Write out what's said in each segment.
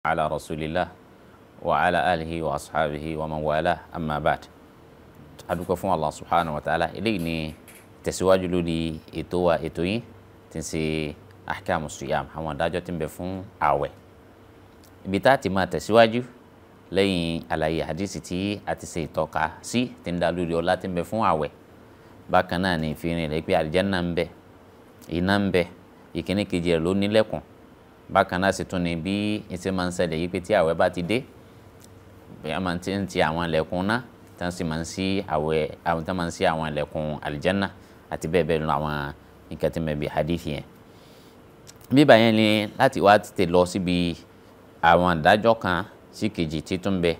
على رسول الله وعلى آله وأصحابه ومن والاه أما بعد adúpẹ́ fún Allah subhanahu wa ta'ala eléyìí ni tẹ̀síwájú lórí ètò wa ètò yín tí ń ṣe ahkamu suyam àwọn adájọ́ tí ń bẹ fún ààwẹ̀ ibi tá a ti máa tẹ̀síwájú lẹ́yìn àlàyé hadisi tí a ti ṣe ìtọ́ka sí tí ń dá lórí ọlá tí ń bẹ fún ààwẹ̀ bákan náà ni ìfihàn rẹ̀ pé àlìjánnà ń bẹ iná ń bẹ ìkíní kejì rẹ̀ ló nílẹ̀kùn bákan náà sì tún ni bí ìṣe máa ń ṣẹlẹ̀ yìí pé tí àwẹ̀ bá ti dé bí wọ́n máa ti ń ti àwọn ilẹ̀kùn náà tí wọ́n sì máa ń ṣí àwẹ̀ àwọn tí máa ń ṣí àwọn ilẹ̀kùn àlìjánà àti bẹ́ẹ̀ bẹ́ẹ̀ lọ àwọn nǹkan tí mẹ́bi hadith yẹn. bíbá yẹn ni láti wá tètè lọ síbi àwọn ìdájọ́ kan sí kejì títún bẹ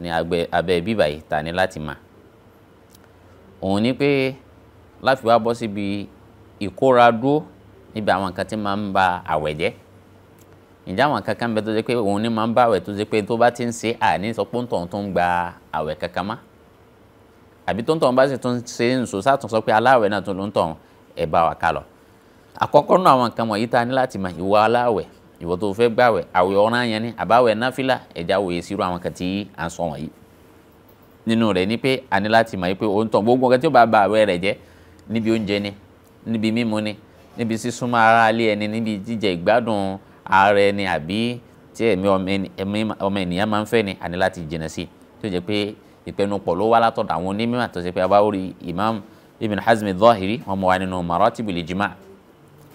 ní abẹ́ bíbá yìí ta ni láti mà. òun ni pé láti wá bọ́ síbi ìkóra dúró níbi àwọn nǹkan tí máa ń ba àwẹ̀ jẹ́ ǹjẹ́ àwọn kankan bẹ tó ṣe pé òun ni máa ń bá àwẹ̀ tó ṣe pé tó bá ti ń ṣe àní sọ pé tóun tó ń gba àwẹ̀ kankan má àbí tó ń tọ̀ bá sì tún ṣe ń sọ sátún sọ pé aláwẹ̀ náà tún ló ń tọ̀ ẹ̀ bá wa ká lọ. àkọ́kọ́ náà àwọn nǹkan wọ̀nyí ta ní láti mọ ìwọ aláwẹ̀ ìwọ tó fẹ́ gbàwẹ̀ àwẹ̀ ọ̀ràn yẹn ni àbáwẹ̀ náfìlà ẹ̀já wòye sírú àwọn kan tí à ń sọ wọ̀nyí. nínú rẹ̀ ni pé a ní láti mọ̀ pé òun tọ̀ gbogbo nǹkan tí ó bá ba àwẹ̀ rẹ̀ jẹ́ níbi oúnjẹ ni níbi mímu ni níbi sísúnmọ́ ara alẹ́ ẹni níbi jíjẹ ìgbádùn ara ẹni àbí tí ẹ̀mí ọmọ ènìyàn máa ń fẹ́ ni a ní láti jìnnà sí tó jẹ́ pé ìpẹnupọ̀ ló wá látọ̀dọ̀ àwọn onímọ̀ tó ṣe pé abáwò rí imam ibn hazmi dhahiri wọn mọ̀ wá nínú maratibul ijma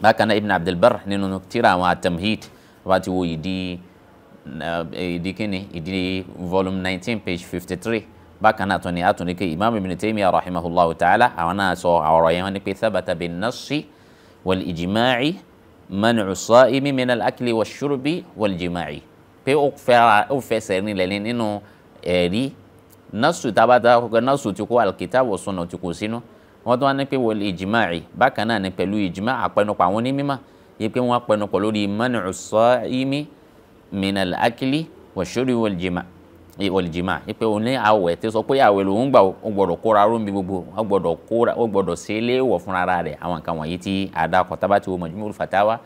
bákan náà ibn abdulbar nínú tíra àwọn atamhid wọn ti wo ìdí eh, ìdí kíni ìdí volume nineteen page fifty three bákan náà tó ní àtúndínkè imam ibn taymiya rahimahullahu ta'ala àwọn náà sọ àwòrán yẹn wọn ni pé thabata bin nasi wal ijma'i manu saimi minal akli wa shurubi wal jima'i pé ó fẹsẹ̀ rinlẹ̀ nínú ẹ̀rí nasu tabata kọ́kọ́ nasu ti kó alkitab wa sunna ti kó sínú wọ́n tún wá ní pé wal ijma'i bákan náà ni pẹ̀lú ijma' àpẹnupọ̀ àwọn onímọ̀ yìí pé wọ́n apẹnupọ̀ lórí manu saimi minal akli wa shurubi wal jima'i ìwọlìjìmá pé òun ní àwẹ̀ tí ó sọ pé àwẹ̀ lòun gbà ó gbọ́dọ̀ kóra ó ń bi gbogbo ó gbọ́dọ̀ kóra ó gbọ́dọ̀ ṣe é léèwọ̀ fúnra rẹ̀ àwọn nǹkan wọ̀nyí tí àdàkọ̀ tábà tí wo Majmu'ul Fatawa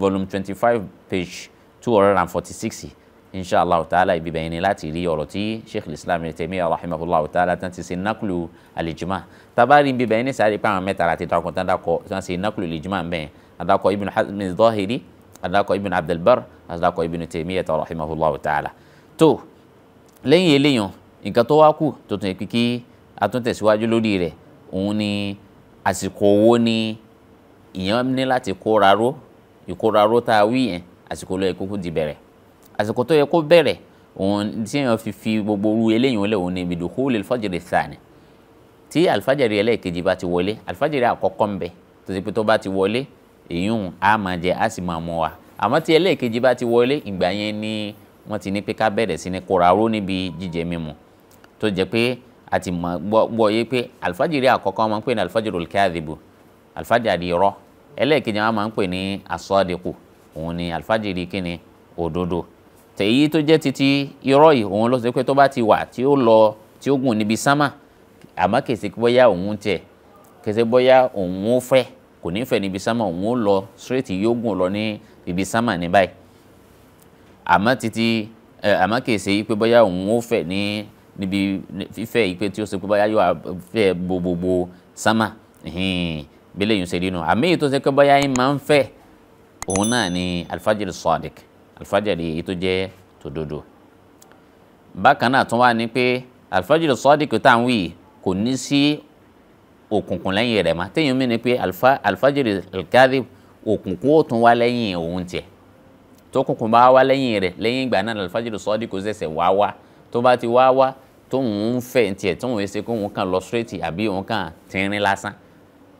volume twenty five page two hundred and forty six inshallah ta'ala ibi bẹ́ẹ̀ ni láti rí ọ̀rọ̀ tí sheikh islam ibn Taymiyyah rahimahullah ta'ala tán ti ṣe nákùlù àlìjìmá tabari ibi bẹ́ẹ̀ ni sáré pé àwọn mẹ́ta àti dákọ̀ tán dákọ̀ tán ṣe nákùlù àlìjìmá bẹ́ẹ̀ adakọ̀ ibn Hazm az-Zahiri adakọ̀ ibn Abdul Barr adakọ̀ ibn Taymiyyah rahimahullah ta'ala lẹ́yìn eléyàn nǹkan tó wá kù tó tún yẹ kí kí a tún tẹ̀síwájú lórí rẹ̀ òun ni àsìkò owó ni ìyẹn ní láti kóra ró ìkóra ró tá a wí yẹn àsìkò ló yẹ kó di bẹ̀rẹ̀ àsìkò tó yẹ kó bẹ̀rẹ̀ òun tí èèyàn fi fi gbogbo orú eléyìí wọlé òun ni ibìdókòwò lè fọ́jìrì sàn tí alifájàre ẹlẹ́ẹ̀kejì bá ti wọlé alifájàre àkọ́kọ́ ń bẹ tó pé tó bá ti wọlé èyí á máa jẹ á sì máa mú wa àmọ́ tí ẹlẹ́ẹ̀kejì bá ti wọlé ìgbà yẹn ni wọ́n ti ní pé ká bẹ̀rẹ̀ sí ní kóra ró níbi jíjẹ mímu tó jẹ́ pé àti mọ̀ gbọ́ yé pé alifájìrì àkọ́kọ́ máa ń pè ní alifájìrì olùkẹ́àdìbò alifájìrì irọ́ ẹlẹ́ẹ̀kejì wọn máa ń pè ní asọ́dẹ̀kù òun ni alifájìrì kíni òdodo tèyí tó jẹ́ títí irọ́ yìí òun ló sọ pé tó bá ti wà tí ó lọ tí ó gùn níbi sámà àmọ́ kèsì bóyá òun tẹ̀ kèsì bóyá òun fẹ́ kò ní fẹ́ níbi sámà òun ó lọ straight yóò gùn lọ ní ibi sámà ní báyìí àmọ́ títí àmọ́ kìí ṣe pé bóyá òun ó fẹ̀ ní níbi fífẹ́ yìí pé tí ó ṣe pé bóyá yóò fẹ́ bo gbogbo sánmà bí lẹ́yìn ṣe rí nu àmì èyí tó ṣe pé bóyá yín máa ń fẹ́ òun náà ni alifájìrì sadiq alifájìrì èyí tó jẹ́ tòdodo bákan náà tún wá ní pé alifájìrì sadiq tá à ń wí kò ní sí òkùnkùn lẹ́yìn rẹ̀ mọ́ téèyàn mí ni pé alifájìrì alkadhib òkùnkùn ó tún wá lẹ́yìn òun tiẹ̀ tó kùnkùn bá wá lẹ́yìn rẹ̀ lẹ́yìn ìgbà náà alfajiri sọ́ọ́dì kò ṣẹ̀ṣẹ̀ wá wá tó bá ti wá wá tóun ń fẹ́ tiẹ̀ tóun ṣe kó òun kàn lọ straight àbí òun kàn tínrín lásán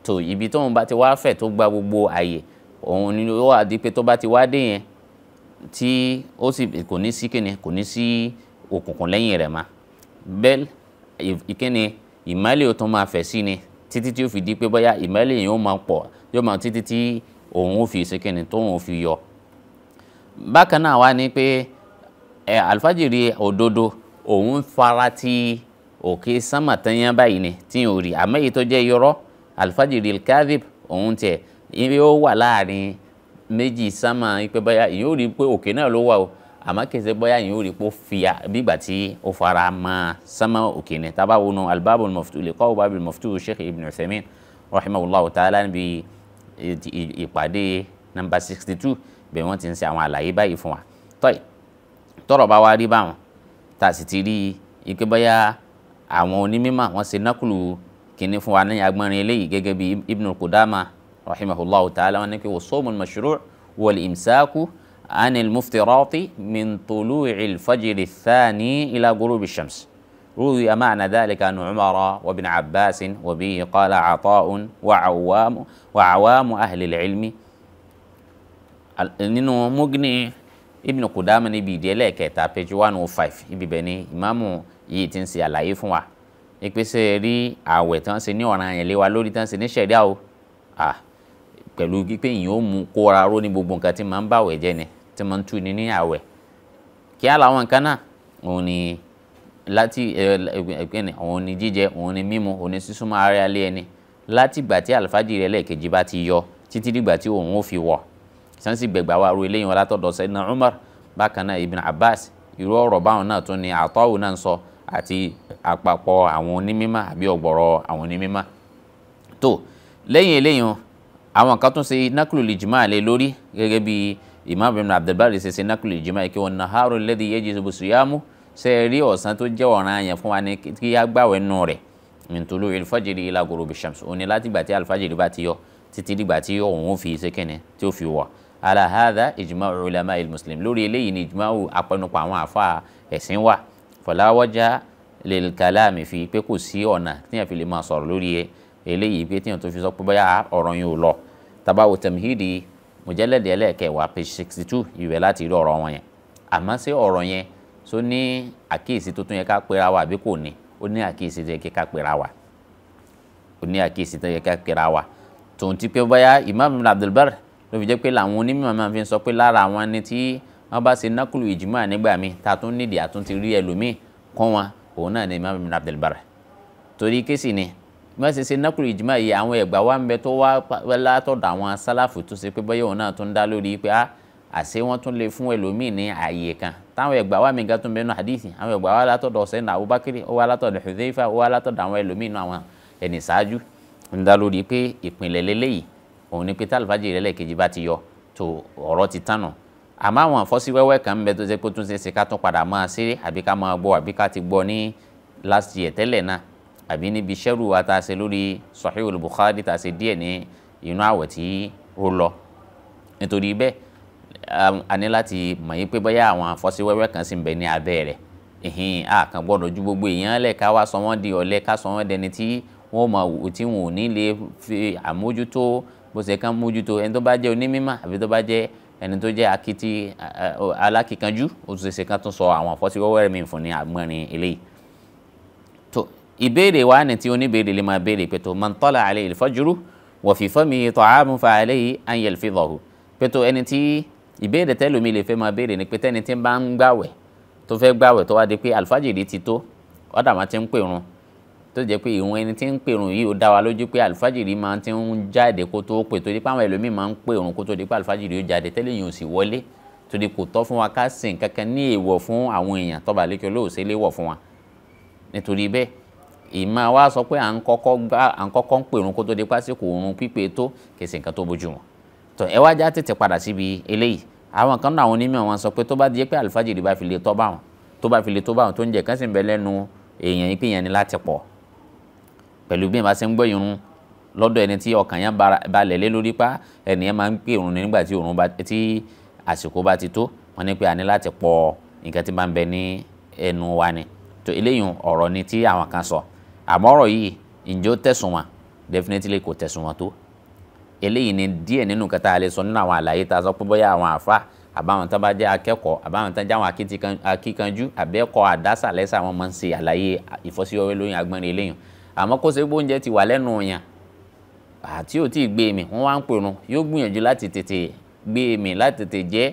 tó ibi tóun bá ti wá fẹ́ tó gba gbogbo àyè òun ni ó wà di pé tó bá ti wá dé yẹn tí ó sì kò ní sí kíni kò ní sí òkùnkùn lẹ́yìn rẹ̀ mọ́ bẹ́ẹ̀ ìkíni ìmọ́lẹ̀ ó tún máa fẹ̀ sí ni títí tí ó fi di pé bóyá ìmọ́lẹ̀ yìí ó máa pọ̀ yóò máa títí tí òun ó fi ṣe kíni tóun ó fi yọ bákan náà wá ní pé ẹ àlùfájìrì òdodo òun fara ti òkè sánmà báyìí ni tí ò rí àmọ́ èyí tó jẹ́ irọ́ àlùfájìrì kadhib òun tiẹ̀ yóò wà láàrin méjì sánmà pé báyà ìyẹn ò rí pé òkè náà ló wà o àmọ́ kẹsẹ̀ bóyá yìí ó rí pé ó fi bígbà tí ó fara mọ́ sánmọ́ òkè ni tá wo nu albabul muftu lè kọ́ albabul muftu sheikh ibn Uthaymin rahimahullah ta'ala níbi ìpàdé Number sixty two bẹ́ẹ̀ wọ́n ti ń ṣe àwọn àlàyé báyìí fún wa tọ́yì tọ́rọ̀ bá wa rí báwọn tá a sì ti rí ike bóyá àwọn onímọ̀ wọ́n ṣe nákùlù kínní fún wa ní agbọ́nrin eléyìí gẹ́gẹ́ bí Ibn Qudama rahimahullah ta'ala wọn ní kí wọ́n sọ́ọ̀mù mashru' wal imsaku anil muftirati min tulu'il fajri thani ila gurubi shams روي معنى ذلك عن عمر وابن عباس وبه قال عطاء وعوام وعوام أهل العلم nínú mugni ibn kudama níbi ìdí ẹlẹ́ẹ̀kẹta page one oh five ibi bẹ́ẹ̀ ni ìmáàmù yìí ti ń ṣe àlàyé fún wa ìpèsè rí àwẹ̀ tán ṣe ní ọ̀ràn àyẹ̀lé wa lórí tán ṣe ní ṣẹ̀dá o pẹ̀lú pé ìyẹn ó mú kóra ró ní gbogbo nǹkan tí máa ń bàwẹ̀ jẹ́ ni tí máa ń tú ni ní àwẹ̀ kí á làwọn nǹkan náà òun ni láti ẹ̀ẹ́dẹ̀ẹ́ni òun ni jíjẹ òun ni mímu òun ni sísúnmọ́ ara alẹ́ ẹni láti ìgbà tí àlùfáàjì rẹ̀ lẹ́ẹ̀kejì bá ti yọ títí dìgbà tí òun ó fi wọ̀ sansi gbẹgbà wa ru eléyìí wọn látọ̀dọ̀ sayyidina Umar bákan náà Ibn Abbas irú ọ̀rọ̀ báwọn náà tún ni àtọ́wò náà ń sọ àti àpapọ̀ àwọn onímímọ́ àbí ọ̀gbọ̀rọ̀ àwọn onímímọ́ tó lẹ́yìn eléyìí àwọn kan tún ṣe nákùlù lè jùmọ̀ àlẹ́ lórí gẹ́gẹ́ bí Imam Ibn Abdulbari ṣe ṣe nákùlù lè jùmọ̀ ìkẹwọn naharu alladhi yajibu siyamu ṣe rí ọ̀sán tó jẹ́ ọ̀ranyàn fún wa ní kí á gbàwẹ̀ nù rẹ̀ min tulu'il fajri ila ghurubi òní látìgbà tí alfajiri bá ti yọ títí dìgbà tí òun fi ṣe kẹ́ni tí ó fi wọ̀ ala hadha ijma'u ulama muslim lórí eléyìí ni ijma'u apẹnupọ̀ àwọn àfa ẹ̀sìn wa fala waja lil kalami fi pé kò sí ọ̀nà tíyẹn fi lè máa sọ̀rọ̀ lórí e. eléyìí pé tíyẹn tó fi sọ pé bóyá ọ̀rọ̀ yẹn ò lọ tabawo tamhidi mujalladi ẹlẹ́ẹ̀kẹwàá page sixty two ìwé láti rí ọ̀rọ̀ wọn yẹn àmọ́ sí ọ̀rọ̀ yẹn tó ní àkíyèsí tuntun yẹn ká pera wa àbí kò ní ó ní àkíyèsí tó yẹ ká pera wa ó ní àkíyèsí tó yẹ ká pera wa tòun ti pé báyà imam abdulbar ló fi jẹ́ pé làwọn onímọ̀ máa fi sọ pé lára àwọn ẹni tí wọ́n bá ṣe nákùlù ìjùmọ̀ nígbà míì tá a tún nídìí àtúntì rí ẹlòmíì kọ́ wọn òun náà ni Imam Ibn Abdul Barr torí kéṣì ni wọ́n ṣe ṣe nákùlù ìjùmọ̀ yìí àwọn ẹ̀gbà wa ń bẹ tó wá látọ̀dọ̀ àwọn sálàfù tó ṣe pé bọ́yá òun náà tún dá lórí pé ah àṣé wọ́n tún lè fún ẹlòmíì ní ààyè kan táwọn ẹ̀gbà wa mi gan tún bẹnu hadithi àwọn ẹ̀gbà wa látọ̀dọ̀ sẹ́yìn Abubakri ó wá látọ̀dọ̀ Hudhaifa ó wá látọ̀dọ̀ àwọn ẹlòmíì náà àwọn ẹni ṣáájú ń dá lórí pé ìpìnlẹ̀ lélẹ́yìí òun ni pé tí àlùfájì rẹ lẹ́ẹ̀kejì bá ti yọ tó ọ̀rọ̀ ti tànà àmọ́ àwọn àfọ́sí wẹ́wẹ́ kan ń bẹ tó ṣe pé tó ṣe ṣe ká tún padà máa ṣeré àbí ká máa gbọ́ àbí ká ti gbọ́ ní last year tẹ́lẹ̀ náà àbí níbi sẹ́rù wa tá a ṣe lórí Sahihul Bukhari tá a ṣe díẹ̀ ní inú àwẹ̀ tí ó lọ nítorí bẹ́ẹ̀ um, a ní láti mọ̀ yín pé bóyá àwọn àfọ́sí wẹ́wẹ́ kan sì ń bẹ ní abẹ́ rẹ̀ ìhìn àkàn gbọ́dọ̀ ju gbogbo èèyàn lẹ̀ ká wá sọ di ọ̀lẹ ká sọ dẹni tí wọ́n mọ̀ tí wọn ò ní lè fi àmójútó bó ṣe kán mójútó ẹni tó bá jẹ́ onímímà àbí tó bá jẹ́ ẹni tó jẹ́ akitì alákìkanjú ó tún ṣe kán tún sọ àwọn àfọ́síwẹ́wẹ́ mi fún ní àgbọ̀nrin eléyìí. tó ìbéèrè wa ni tí oníbèrè lè máa béèrè pé tó man tala alayhi al-fajru wa fi famihi ta'amun fa alayhi an yalfidahu pé tó ẹni tí ìbéèrè tẹ́lómi lè fẹ́ máa béèrè ni pé tẹ́ni tí ń bá ń gbàwẹ̀ tó fẹ́ gbàwẹ̀ tó wá di pé àlùfájìrì ti tó ọ̀dà máa ti ń pè run tó jẹ́ pé ìrun ẹni tí ń pèrun yìí ó dá wa lójú pé àlùfájìrì máa ti ń jáde kó tó pè tó di pé àwọn ẹlòmíì máa ń pèrun kó tó di pé àlùfájìrì ó jáde tẹ́lẹ̀ yìí ò sì wọlé tó di kò tọ́ fún wa ká sìn kankan ní èèwọ̀ fún àwọn èèyàn tọ́ba lékè olóòṣè léwọ̀ fún wa nítorí bẹ́ẹ̀ ìmọ̀ wa sọ pé à ń kọ́kọ́ ń pèrun kó tó di pásíkò òrun pípé tó kèsì nǹkan tó bójú wọn tó ẹ wá já tètè padà síbi eléyìí àwọn kan náà àwọn onímọ̀ wọn sọ pé tó bá di pé àlùfájìrì bá fi lè tọ́ bá wọn tó bá fi lè tó bá wọn tó ń jẹ kán sì ń bẹ lẹ́nu èèyàn yìí pé èèyàn ni láti pọ̀ pẹ̀lú bí ẹ máa ṣe ń gbọ́ irun lọ́dọ̀ ẹni tí ọkàn yẹn balẹ̀ lé lórí pa ẹni yẹn máa ń pè irun nígbà tí òrùn bá tí àsìkò bá ti tó wọ́n ní pé a ní láti pọ̀ nǹkan tí máa ń bẹ ní ẹnu wa ni tó eléyìí ọ̀rọ̀ ni tí àwọn kan sọ àmọ́ ọ̀rọ̀ yìí ǹjẹ́ tẹ̀sùn wọn definitely kò tẹ̀sùn wọn tó eléyìí ni díẹ̀ nínú kẹta alẹ́ sọ nínú àwọn àlàyé tá a sọ pé bóyá àwọn àfa àbáwọn tán bá jẹ́ akẹ́kọ̀ọ́ àbáwọn tán jáwọn akíkanjú àbẹ́kọ̀ àdásàlẹ́sà wọn máa ń ṣe àlàyé ìfọ́síwẹ́wẹ́ lóyún agbọ́nrin eléyìí àmọ́ kó ṣe gbóúnjẹ ti wà lẹ́nu yàn àti ò tí ì gbé mi wọ́n wá ń pèrun yóò gbìyànjú láti tètè gbé mi láti tètè jẹ́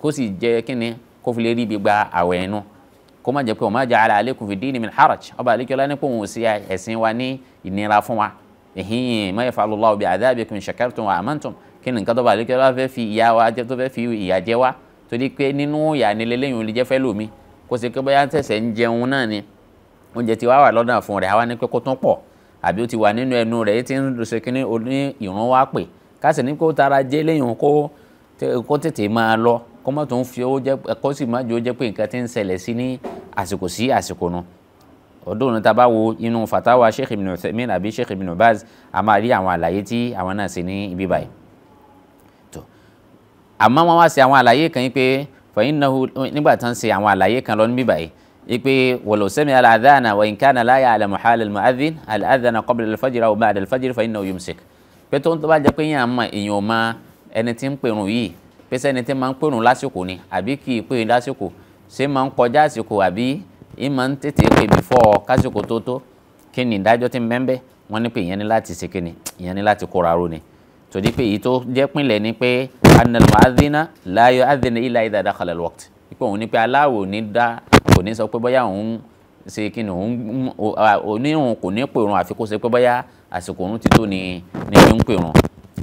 kó sì jẹ́ kíni kó fi lè rí ibi gba àwẹ̀ ẹnu kó má jẹ́ pé òun má jẹ́ ara alẹ́ kò fi dín ní min haraj ọba àlekíọ́lá ní pé òun ò sí ẹ̀sìn wa ní ìnira fún wa ìhìn má lọ́lá òbí àdáàbí kò ń ṣàkàtún wa àmọ́ntún kí ni nǹkan tó bá àlekíọ́lá fẹ́ fi ìyá wa jẹ́ tó fẹ́ fi ìyà jẹ́ wa torí pé nínú ìyà ni lélẹ́yìn olùjẹ́fẹ́ lómi kó sì pé bóyá tẹ̀sẹ̀ ń jẹun náà ni oúnjẹ ti wá wà lọ́dọ̀ fún rẹ̀ àwa ní pé kó tún pọ̀ àbí ó ti wà nínú ẹnu rẹ̀ tí ń ṣe kínní oní ìrún wá pè ká sì ní kó tara jẹ́ lẹ́yìn kó kó tètè máa lọ kó má tó ń fi owó jẹ́ kó sì má jò jẹ́ pé nǹkan ti ń ṣẹlẹ̀ sí ní àsìkò sí àsìkò nu ọdún òní tá bá wo inú fatawa sheikh ibn Uthaymin àbí sheikh ibn Baz a máa rí àwọn àlàyé tí àwọn náà ṣe ní ibi báyìí àmọ́ wọ́n wá ṣe àwọn àlàyé kan yìí pé fẹ̀yìn náà nígbà tán ṣe àwọn àlàyé kan lọ níbí báyìí ipe wàlò sẹ́mi aláàdáàna wà nǹkan aláya alamuhal almuhadin aláàdáàna kọ́bìlì alfajiri àwọn báàdì alfajiri fàyín náà yomsik pé tó ń tó bá jẹ́ pé yàn máa èèyàn máa ẹni tí ń pèrún yìí pé sẹ́ni tí máa ń pèrún lásìkò ni àbí kì í pè é lásìkò ṣé máa ń kọjá àsìkò àbí í máa ń tètè pè bífọ́ kásìkò tó tó kí ni ìdájọ́ ti ń bẹ́ńbẹ́ wọ́n ní pé ìyẹn ní láti ṣe kíni ìyẹn ní láti kóra ro ni tòdí pé èyí tó jẹ́ pínlẹ̀ ni pé anal muhadina láyọ̀ adina ilà ìdàdàkàlẹ̀ wọ́kt ipò òun ni pé aláwo ní dá kò ní sọ pé bóyá òun ṣe kí ni òun onírun kò ní pèrun àfi kó ṣe pé bóyá àsìkò òun ti tó ni ni fi ń pèrun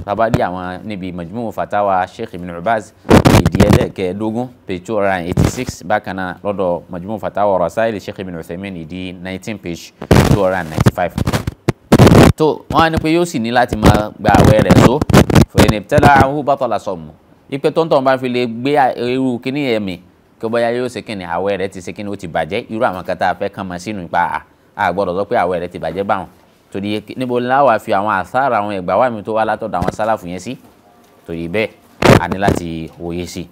tábàdí àwọn níbi majmu fatawa sheikh ibn Ubaz ìdí ẹlẹ́ẹ̀kẹ́ẹ́dógún page two hundred and eighty six bákan náà lọ́dọ̀ majmu fatawa rasail sheikh ibn Uthaymin ìdí nineteen page two hundred and ninety five. tó wọ́n á ní pé yóò sì ní láti máa gba àwẹ̀ rẹ̀ tó fòyìnbí tẹ́lẹ̀ àwọn bàtọ̀ làṣọ̀mù ìpè tó bá fi lè gbé irú kíní ẹ̀mí kí bóyá yóò ṣe kíni àwẹ̀ rẹ̀ ti ṣe kíni ó ti bàjẹ́ irú àwọn kan tá a fẹ́ kàn mọ́ sínú ipa àgbọ̀dọ̀ sọ pé àwẹ̀ rẹ̀ ti bàjẹ́ báwọn torí níbo ńlá wàá fi àwọn àsáàrà àwọn ìgbà wà mí tó wá látọ̀dọ̀ àwọn sálàfù yẹn sí torí bẹ́ẹ̀ a ní láti wòye sí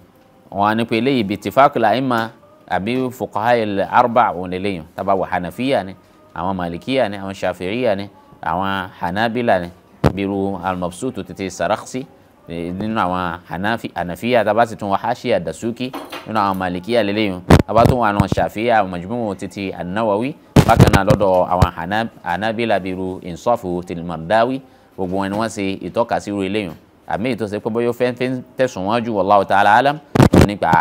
wọn á ní pé eléyìí bíi tìfákìlà ìmọ̀ àbí fuqaha arba òun lélẹ́yìn tábà wà hànàfíyà ni àwọn Eh, nínú àwọn ànàfíà tá a bá sì tún wọn haṣíà dasuki nínú àwọn malikiya lélẹ́yìn tá a bá tún wọn àwọn ṣàfíà mọ̀júmọ́ títí anáwáwí bákan náà lọ́dọ̀ àwọn anábìlà bíru ìnsọ́fù tìlmọ̀dáwí gbogbo wọn ni wọ́n ṣe ìtọ́ka sí irú eléyìn àmì ìtọ́sí pé bóyá fẹ́ tẹ̀sùn wọn ju wallahu ta'ala alam wọn nípa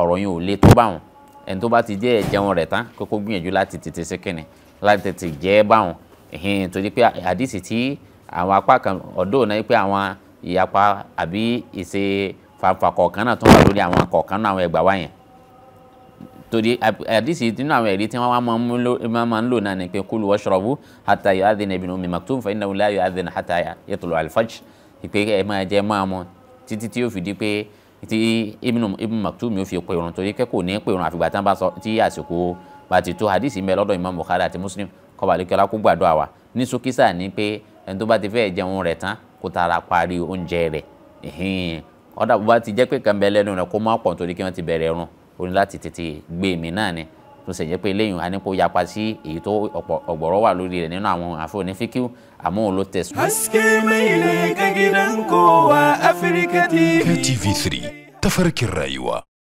ọ̀rọ̀ yẹn ò lè tó báwọn ẹni tó bá ti jẹ́ ẹ̀jẹun rẹ̀ tán kókó gbìyànjú láti tètè sí kìnnì láti tètè jẹ́ báwọn torí pé àdìsí tí àwọn apá kan ọ̀dọ́ náà pé àwọn ìyapa àbí ìṣe fanfa kọ̀ọ̀kan náà tó wà lórí àwọn kọ̀ọ̀kan náà àwọn ẹgbàá wá yẹn torí àdìsí nínú àwọn ẹ̀rí tí wọ́n máa ń lò náà ni pé kúlù washrabu hatta yu'adhina ibnu ummi maktum fa innahu la yu'adhina hatta yatlu al-fajr ìpè ẹ máa jẹ máa mọ títí tí yóò fi di pé tí ibnu ibnu maktum yóò fi pèrún torí pé kò ní pèrún àfìgbà tí wọ́n bá sọ tí àsìkò bá ti tó àdìsí mẹ́ lọ́dọ̀ Imam Bukhari àti Muslim kọ́balẹ̀kẹ́lá kó tara parí oúnjẹ rẹ̀ ọ̀dà bó bá ti jẹ́ pé kan bẹ lẹ́nu rẹ̀ kó má pọ̀ nítorí kí wọ́n ti bẹ̀rẹ̀ run o ní láti tètè gbé mi náà ni tó sì jẹ́ pé eléyìí a ní kó yapa sí èyí tó ọ̀gbọ̀rọ̀ wà lórí rẹ̀ nínú àwọn àfọwọ́ni àmọ́ òun ló tẹ̀sùn. haske maile ka gidan kowa Afirka TV. KTV3 tafarkin rayuwa.